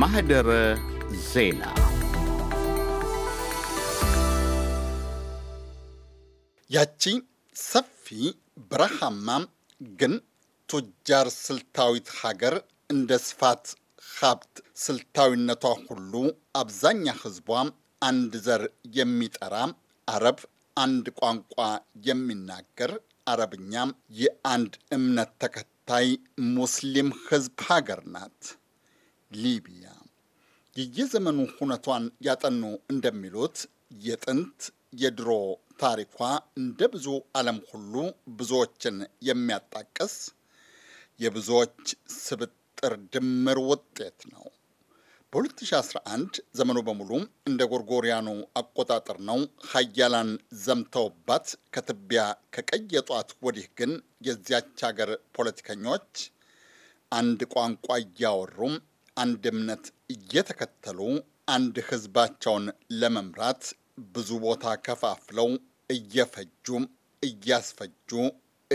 ማህደረ ዜና ያቺ ሰፊ በረሃማ ግን ቱጃር ስልታዊት ሀገር እንደ ስፋት ሀብት ስልታዊነቷ ሁሉ አብዛኛ ህዝቧ አንድ ዘር የሚጠራ አረብ፣ አንድ ቋንቋ የሚናገር አረብኛ፣ የአንድ እምነት ተከታይ ሙስሊም ህዝብ ሀገር ናት። ሊቢያ የየዘመኑ ሁነቷን ያጠኑ እንደሚሉት የጥንት የድሮ ታሪኳ እንደ ብዙ ዓለም ሁሉ ብዙዎችን የሚያጣቅስ የብዙዎች ስብጥር ድምር ውጤት ነው። በ2011 ዘመኑ በሙሉ እንደ ጎርጎሪያኑ አቆጣጠር ነው። ሀያላን ዘምተውባት ከትቢያ ከቀይ የጧት ወዲህ ግን የዚያች ሀገር ፖለቲከኞች አንድ ቋንቋ እያወሩም አንድ እምነት እየተከተሉ አንድ ህዝባቸውን ለመምራት ብዙ ቦታ ከፋፍለው እየፈጁ እያስፈጁ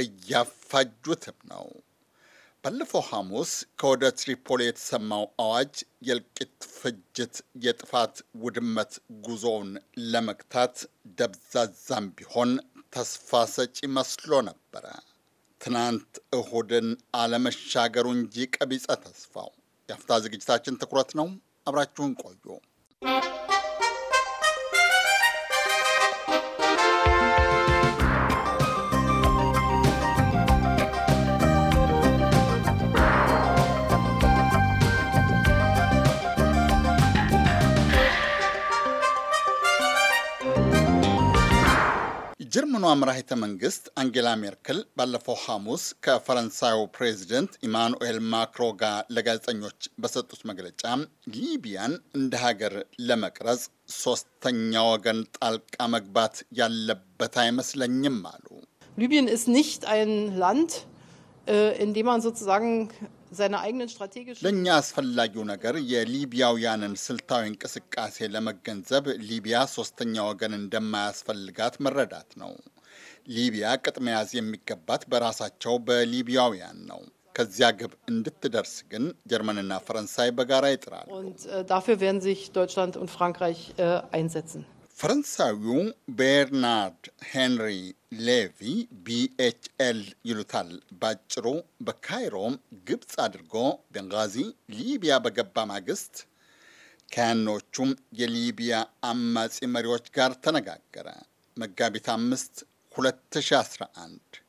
እያፋጁትም ነው። ባለፈው ሐሙስ ከወደ ትሪፖሊ የተሰማው አዋጅ የእልቂት ፍጅት፣ የጥፋት ውድመት ጉዞውን ለመግታት ደብዛዛም ቢሆን ተስፋ ሰጪ መስሎ ነበረ። ትናንት እሁድን አለመሻገሩ እንጂ ቀቢጸ ተስፋው የአፍታ ዝግጅታችን ትኩረት ነው። አብራችሁን ቆዩ። የጀርመኗ መራሂተ መንግስት አንጌላ ሜርክል ባለፈው ሐሙስ ከፈረንሳዩ ፕሬዚደንት ኢማኑኤል ማክሮ ጋር ለጋዜጠኞች በሰጡት መግለጫ ሊቢያን እንደ ሀገር ለመቅረጽ ሶስተኛ ወገን ጣልቃ መግባት ያለበት አይመስለኝም አሉ። ሊቢያን ist nicht አይን ላንድ äh, in dem man seine eigenen strategischen ለእኛ አስፈላጊው ነገር የሊቢያውያንን ስልታዊ እንቅስቃሴ ለመገንዘብ ሊቢያ ሶስተኛ ወገን እንደማያስፈልጋት መረዳት ነው። ሊቢያ ቅጥ መያዝ የሚገባት በራሳቸው በሊቢያውያን ነው። ከዚያ ግብ እንድትደርስ ግን ጀርመንና ፈረንሳይ በጋራ ይጥራሉ። ፈረንሳዊው ቤርናርድ ሄንሪ ሌቪ ቢኤችኤል ይሉታል ባጭሩ፣ በካይሮ ግብፅ አድርጎ ቤንጋዚ ሊቢያ በገባ ማግስት ከያኖቹም የሊቢያ አማጺ መሪዎች ጋር ተነጋገረ። መጋቢት አምስት 2011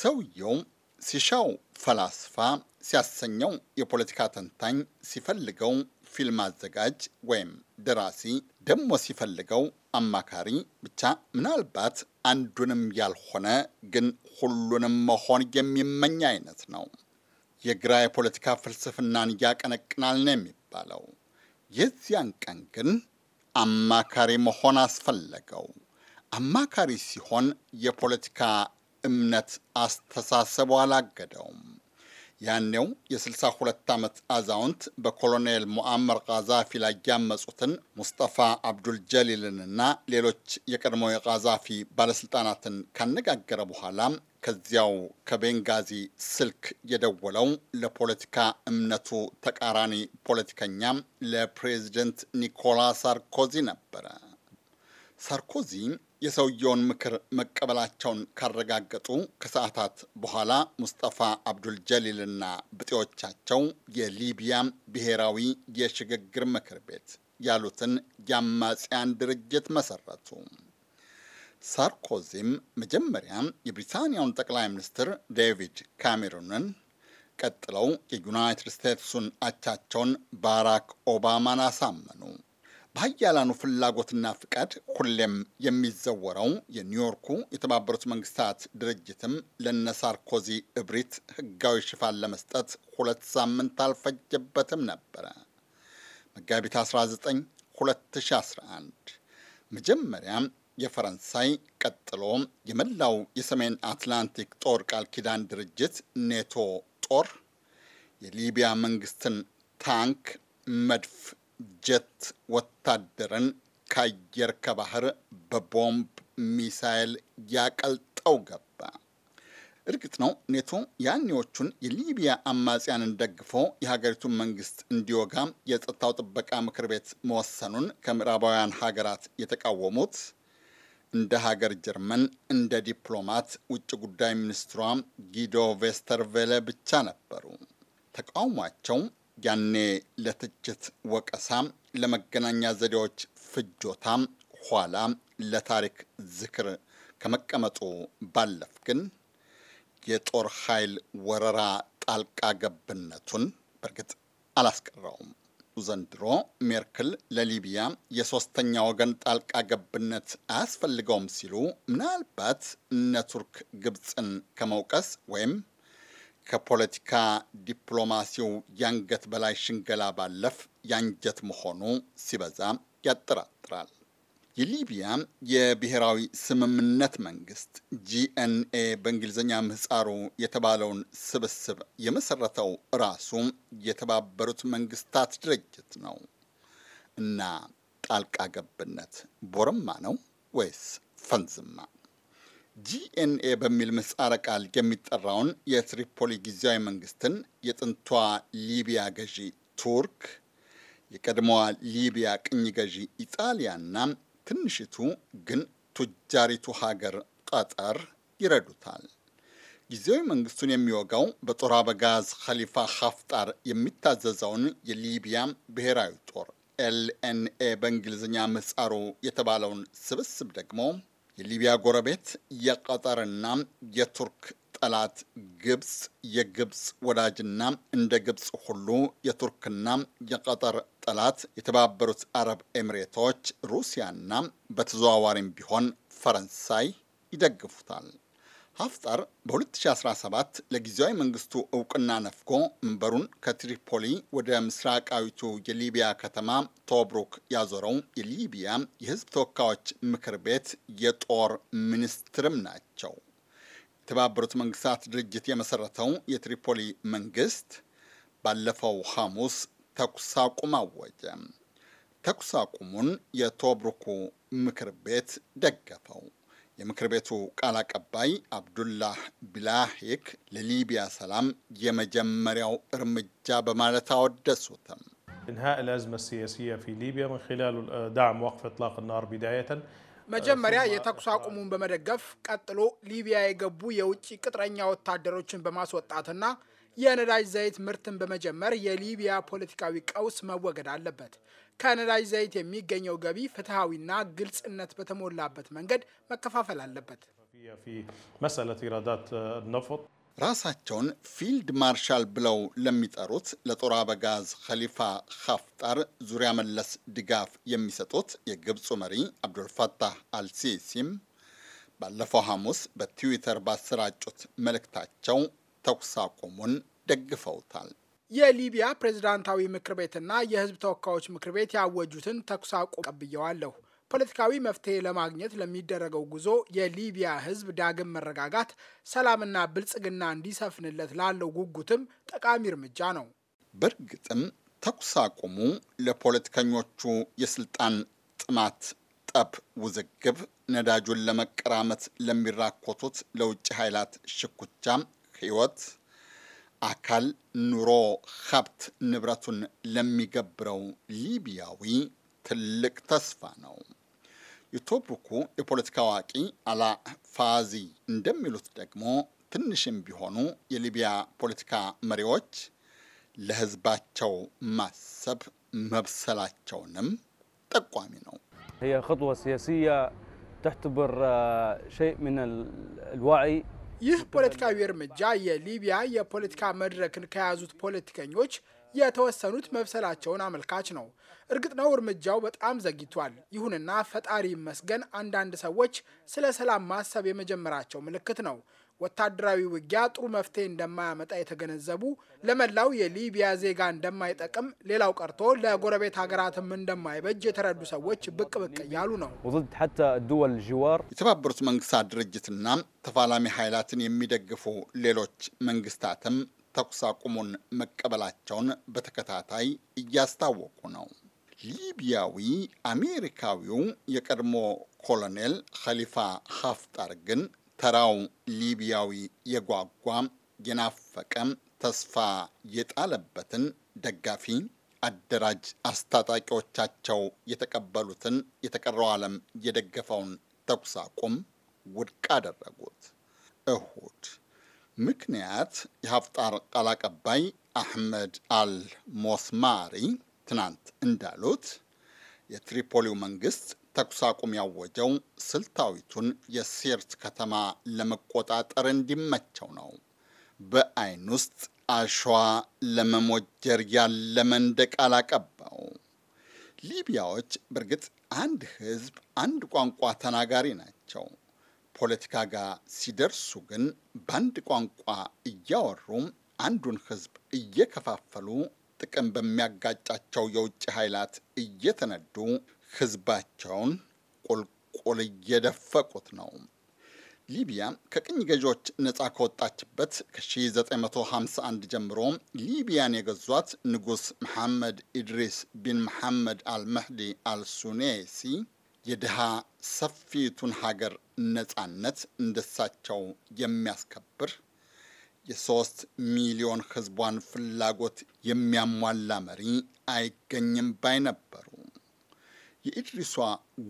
ሰውየው ሲሻው ፈላስፋ፣ ሲያሰኘው የፖለቲካ ተንታኝ፣ ሲፈልገው ፊልም አዘጋጅ ወይም ደራሲ፣ ደግሞ ሲፈልገው አማካሪ ብቻ ምናልባት አንዱንም ያልሆነ ግን ሁሉንም መሆን የሚመኝ አይነት ነው። የግራ የፖለቲካ ፍልስፍናን እያቀነቅናል ነው የሚባለው። የዚያን ቀን ግን አማካሪ መሆን አስፈለገው። አማካሪ ሲሆን የፖለቲካ እምነት አስተሳሰቡ አላገደውም። ያኔው የ62 ዓመት አዛውንት በኮሎኔል ሙአመር ቃዛፊ ላይ ያመጹትን ሙስጠፋ አብዱል ጀሊልንና ሌሎች የቀድሞ የቃዛፊ ባለስልጣናትን ካነጋገረ በኋላ ከዚያው ከቤንጋዚ ስልክ የደወለው ለፖለቲካ እምነቱ ተቃራኒ ፖለቲከኛ ለፕሬዚደንት ኒኮላ ሳርኮዚ ነበረ። ሳርኮዚ የሰውየውን ምክር መቀበላቸውን ካረጋገጡ ከሰዓታት በኋላ ሙስጠፋ አብዱል ጀሊልና ብጤዎቻቸው የሊቢያ ብሔራዊ የሽግግር ምክር ቤት ያሉትን የአማጽያን ድርጅት መሰረቱ። ሳርኮዚም መጀመሪያ የብሪታንያውን ጠቅላይ ሚኒስትር ዴቪድ ካሜሩንን ቀጥለው የዩናይትድ ስቴትሱን አቻቸውን ባራክ ኦባማን አሳመኑ። በሀያላኑ ፍላጎትና ፍቃድ ሁሌም የሚዘወረው የኒውዮርኩ የተባበሩት መንግስታት ድርጅትም ለነሳርኮዚ እብሪት ህጋዊ ሽፋን ለመስጠት ሁለት ሳምንት አልፈጀበትም ነበረ። መጋቢት 19 2011 መጀመሪያም የፈረንሳይ ቀጥሎ የመላው የሰሜን አትላንቲክ ጦር ቃል ኪዳን ድርጅት ኔቶ ጦር የሊቢያ መንግስትን ታንክ፣ መድፍ ጀት ወታደርን ከአየር ከባህር በቦምብ ሚሳይል ያቀልጠው ገባ። እርግጥ ነው ኔቶ ያኔዎቹን የሊቢያ አማጽያንን ደግፎ የሀገሪቱን መንግስት እንዲወጋ የጸጥታው ጥበቃ ምክር ቤት መወሰኑን ከምዕራባውያን ሀገራት የተቃወሙት እንደ ሀገር ጀርመን እንደ ዲፕሎማት ውጭ ጉዳይ ሚኒስትሯ ጊዶ ቬስተርቬለ ብቻ ነበሩ። ተቃውሟቸው ያኔ ለትችት ወቀሳም፣ ለመገናኛ ዘዴዎች ፍጆታም፣ ኋላ ለታሪክ ዝክር ከመቀመጡ ባለፍ ግን የጦር ኃይል ወረራ ጣልቃ ገብነቱን በእርግጥ አላስቀረውም። ዘንድሮ ሜርክል ለሊቢያ የሶስተኛ ወገን ጣልቃ ገብነት አያስፈልገውም ሲሉ ምናልባት እነ ቱርክ ግብፅን ከመውቀስ ወይም ከፖለቲካ ዲፕሎማሲው ያንገት በላይ ሽንገላ ባለፍ ያንጀት መሆኑ ሲበዛ ያጠራጥራል። የሊቢያ የብሔራዊ ስምምነት መንግስት ጂኤንኤ በእንግሊዝኛ ምህጻሩ የተባለውን ስብስብ የመሰረተው ራሱ የተባበሩት መንግስታት ድርጅት ነው እና ጣልቃ ገብነት ቦረማ ነው ወይስ ፈንዝማ? ጂኤንኤ በሚል ምህጻረ ቃል የሚጠራውን የትሪፖሊ ጊዜያዊ መንግስትን የጥንቷ ሊቢያ ገዢ ቱርክ፣ የቀድሞዋ ሊቢያ ቅኝ ገዢ ኢጣሊያና ትንሽቱ ግን ቱጃሪቱ ሀገር ቀጠር ይረዱታል። ጊዜያዊ መንግስቱን የሚወጋው በጦር አበጋዝ ኸሊፋ ሀፍጣር የሚታዘዘውን የሊቢያ ብሔራዊ ጦር ኤልኤንኤ በእንግሊዝኛ ምህጻሩ የተባለውን ስብስብ ደግሞ የሊቢያ ጎረቤት የቀጠርና የቱርክ ጠላት ግብፅ የግብፅ ወዳጅና እንደ ግብፅ ሁሉ የቱርክና የቀጠር ጠላት የተባበሩት አረብ ኤሚሬቶች፣ ሩሲያና በተዘዋዋሪም ቢሆን ፈረንሳይ ይደግፉታል። ሀፍጠር በ2017 ለጊዜያዊ መንግስቱ እውቅና ነፍጎ መንበሩን ከትሪፖሊ ወደ ምስራቃዊቱ የሊቢያ ከተማ ቶብሩክ ያዞረው የሊቢያ የህዝብ ተወካዮች ምክር ቤት የጦር ሚኒስትርም ናቸው። የተባበሩት መንግስታት ድርጅት የመሰረተው የትሪፖሊ መንግስት ባለፈው ሐሙስ ተኩስ አቁም አወጀ። ተኩስ አቁሙን የቶብሩኩ ምክር ቤት ደገፈው። የምክር ቤቱ ቃል አቀባይ አብዱላህ ቢላሂክ ለሊቢያ ሰላም የመጀመሪያው እርምጃ በማለት አወደሱትም። መጀመሪያ የተኩስ አቁሙን በመደገፍ ቀጥሎ ሊቢያ የገቡ የውጭ ቅጥረኛ ወታደሮችን በማስወጣትና የነዳጅ ዘይት ምርትን በመጀመር የሊቢያ ፖለቲካዊ ቀውስ መወገድ አለበት። ከነዳጅ ዘይት የሚገኘው ገቢ ፍትሐዊና ግልጽነት በተሞላበት መንገድ መከፋፈል አለበት። ራሳቸውን ፊልድ ማርሻል ብለው ለሚጠሩት ለጦር አበጋዝ ኸሊፋ ሀፍጣር ዙሪያ መለስ ድጋፍ የሚሰጡት የግብፁ መሪ አብዱልፈታህ አልሲሲም ባለፈው ሐሙስ በትዊተር ባሰራጩት መልእክታቸው ተኩስ አቁሙን ደግፈውታል። የሊቢያ ፕሬዝዳንታዊ ምክር ቤትና የህዝብ ተወካዮች ምክር ቤት ያወጁትን ተኩስ አቁም ቀብየዋለሁ። ፖለቲካዊ መፍትሄ ለማግኘት ለሚደረገው ጉዞ የሊቢያ ህዝብ ዳግም መረጋጋት፣ ሰላምና ብልጽግና እንዲሰፍንለት ላለው ጉጉትም ጠቃሚ እርምጃ ነው። በእርግጥም ተኩስ አቁሙ ለፖለቲከኞቹ የስልጣን ጥማት፣ ጠብ፣ ውዝግብ፣ ነዳጁን ለመቀራመት ለሚራኮቱት ለውጭ ኃይላት ሽኩቻ ህይወት አካል፣ ኑሮ፣ ሀብት ንብረቱን ለሚገብረው ሊቢያዊ ትልቅ ተስፋ ነው። የቶብሩኩ የፖለቲካ አዋቂ አላ ፋዚ እንደሚሉት ደግሞ ትንሽም ቢሆኑ የሊቢያ ፖለቲካ መሪዎች ለህዝባቸው ማሰብ መብሰላቸውንም ጠቋሚ ነው። هي خطوة ሸይ تعتبر شيء ይህ ፖለቲካዊ እርምጃ የሊቢያ የፖለቲካ መድረክን ከያዙት ፖለቲከኞች የተወሰኑት መብሰላቸውን አመልካች ነው። እርግጥ ነው እርምጃው በጣም ዘግይቷል። ይሁንና ፈጣሪ ይመስገን አንዳንድ ሰዎች ስለ ሰላም ማሰብ የመጀመራቸው ምልክት ነው። ወታደራዊ ውጊያ ጥሩ መፍትሄ እንደማያመጣ የተገነዘቡ ለመላው የሊቢያ ዜጋ እንደማይጠቅም ሌላው ቀርቶ ለጎረቤት ሀገራትም እንደማይበጅ የተረዱ ሰዎች ብቅ ብቅ እያሉ ነው። የተባበሩት መንግስታት ድርጅትና ተፋላሚ ኃይላትን የሚደግፉ ሌሎች መንግስታትም ተኩስ አቁሙን መቀበላቸውን በተከታታይ እያስታወቁ ነው። ሊቢያዊ አሜሪካዊው የቀድሞ ኮሎኔል ኸሊፋ ሀፍጣር ግን ተራው ሊቢያዊ የጓጓም የናፈቀም ተስፋ የጣለበትን ደጋፊ አደራጅ አስታጣቂዎቻቸው የተቀበሉትን የተቀረው ዓለም የደገፈውን ተኩስ አቁም ውድቅ አደረጉት። እሁድ ምክንያት የሀፍጣር ቃል አቀባይ አሕመድ አል ሞስማሪ ትናንት እንዳሉት የትሪፖሊው መንግስት ተኩስ አቁም ያወጀው ስልታዊቱን የሴርት ከተማ ለመቆጣጠር እንዲመቸው ነው። በአይን ውስጥ አሸዋ ለመሞጀር ያለመ እንደ ቃል አቀባው። ሊቢያዎች በእርግጥ አንድ ህዝብ አንድ ቋንቋ ተናጋሪ ናቸው። ፖለቲካ ጋር ሲደርሱ ግን በአንድ ቋንቋ እያወሩም አንዱን ህዝብ እየከፋፈሉ ጥቅም በሚያጋጫቸው የውጭ ኃይላት እየተነዱ ህዝባቸውን ቁልቁል እየደፈቁት ነው። ሊቢያ ከቅኝ ገዢዎች ነፃ ከወጣችበት ከ1951 ጀምሮ ሊቢያን የገዟት ንጉሥ መሐመድ ኢድሪስ ቢን መሐመድ አልመህዲ አልሱኔሲ የድሃ ሰፊቱን ሀገር ነፃነት እንደሳቸው የሚያስከብር የሶስት ሚሊዮን ህዝቧን ፍላጎት የሚያሟላ መሪ አይገኝም ባይ ነበሩ። የኢድሪሷ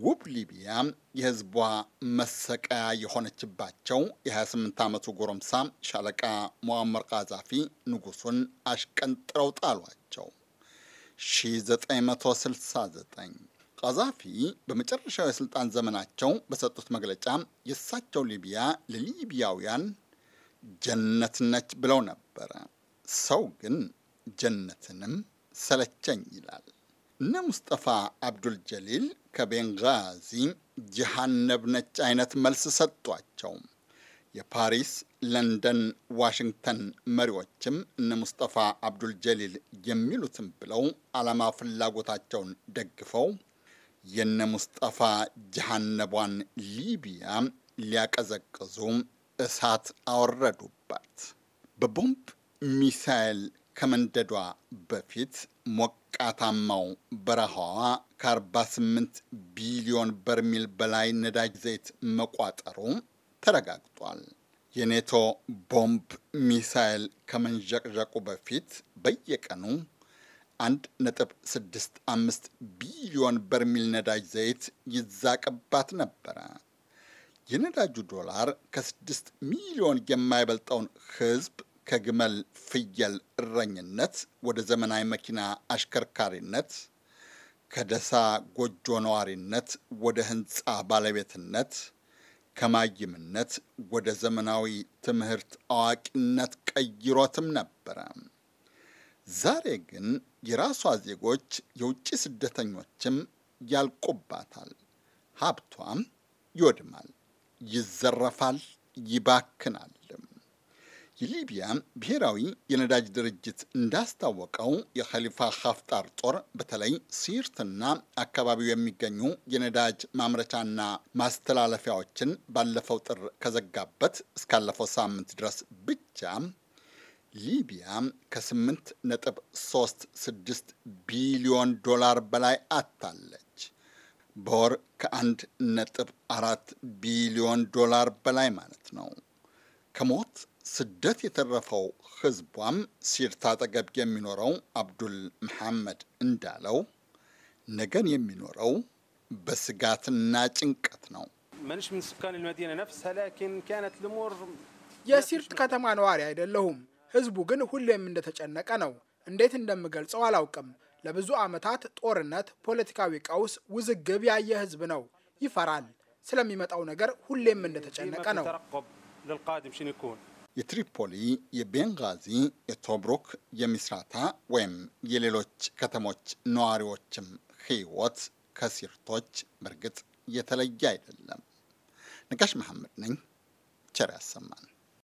ውብ ሊቢያ የህዝቧ መሰቀያ የሆነችባቸው የ28 ዓመቱ ጎረምሳ ሻለቃ ሞአመር ቃዛፊ ንጉሱን አሽቀንጥረው ጣሏቸው። 1969 ቃዛፊ በመጨረሻው የስልጣን ዘመናቸው በሰጡት መግለጫ የእሳቸው ሊቢያ ለሊቢያውያን ጀነት ነች ብለው ነበረ። ሰው ግን ጀነትንም ሰለቸኝ ይላል። እነ ሙስጠፋ አብዱል ጀሊል ከቤንጋዚ ጀሃነብ ነች አይነት መልስ ሰጧቸው። የፓሪስ፣ ለንደን፣ ዋሽንግተን መሪዎችም እነ ሙስጠፋ አብዱል ጀሊል የሚሉትም ብለው ዓላማ ፍላጎታቸውን ደግፈው የነ ሙስጠፋ ጀሃነቧን ሊቢያ ሊያቀዘቅዙ እሳት አወረዱባት። በቦምብ ሚሳኤል ከመንደዷ በፊት ሞቃታማው በረሃዋ ከ48 ቢሊዮን በርሚል በላይ ነዳጅ ዘይት መቋጠሩ ተረጋግጧል። የኔቶ ቦምብ ሚሳኤል ከመንዠቅዠቁ በፊት በየቀኑ 1.65 ቢሊዮን በርሚል ነዳጅ ዘይት ይዛቅባት ነበረ። የነዳጁ ዶላር ከስድስት ሚሊዮን የማይበልጠውን ህዝብ ከግመል ፍየል እረኝነት ወደ ዘመናዊ መኪና አሽከርካሪነት ከደሳ ጎጆ ነዋሪነት ወደ ህንፃ ባለቤትነት ከማይምነት ወደ ዘመናዊ ትምህርት አዋቂነት ቀይሮትም ነበረ። ዛሬ ግን የራሷ ዜጎች የውጭ ስደተኞችም ያልቁባታል፣ ሀብቷም ይወድማል። ይዘረፋል፣ ይባክናል። የሊቢያ ብሔራዊ የነዳጅ ድርጅት እንዳስታወቀው የኸሊፋ ሀፍጣር ጦር በተለይ ሲርትና አካባቢው የሚገኙ የነዳጅ ማምረቻና ማስተላለፊያዎችን ባለፈው ጥር ከዘጋበት እስካለፈው ሳምንት ድረስ ብቻ ሊቢያ ከ8 ነጥብ 36 ቢሊዮን ዶላር በላይ አታለች። በወር ከአንድ ነጥብ አራት ቢሊዮን ዶላር በላይ ማለት ነው። ከሞት ስደት የተረፈው ህዝቧም ሲርታ አጠገብ የሚኖረው አብዱል መሐመድ እንዳለው ነገን የሚኖረው በስጋትና ጭንቀት ነው። የሲርት ከተማ ነዋሪ አይደለሁም። ህዝቡ ግን ሁሌም እንደተጨነቀ ነው። እንዴት እንደምገልጸው አላውቅም። ለብዙ ዓመታት ጦርነት፣ ፖለቲካዊ ቀውስ፣ ውዝግብ ያየ ህዝብ ነው። ይፈራል። ስለሚመጣው ነገር ሁሌም እንደተጨነቀ ነው። የትሪፖሊ፣ የቤንጋዚ፣ የቶብሩክ፣ የሚስራታ ወይም የሌሎች ከተሞች ነዋሪዎችም ህይወት ከሲርቶች በእርግጥ የተለየ አይደለም። ነጋሽ መሐመድ ነኝ። ቸር ያሰማን።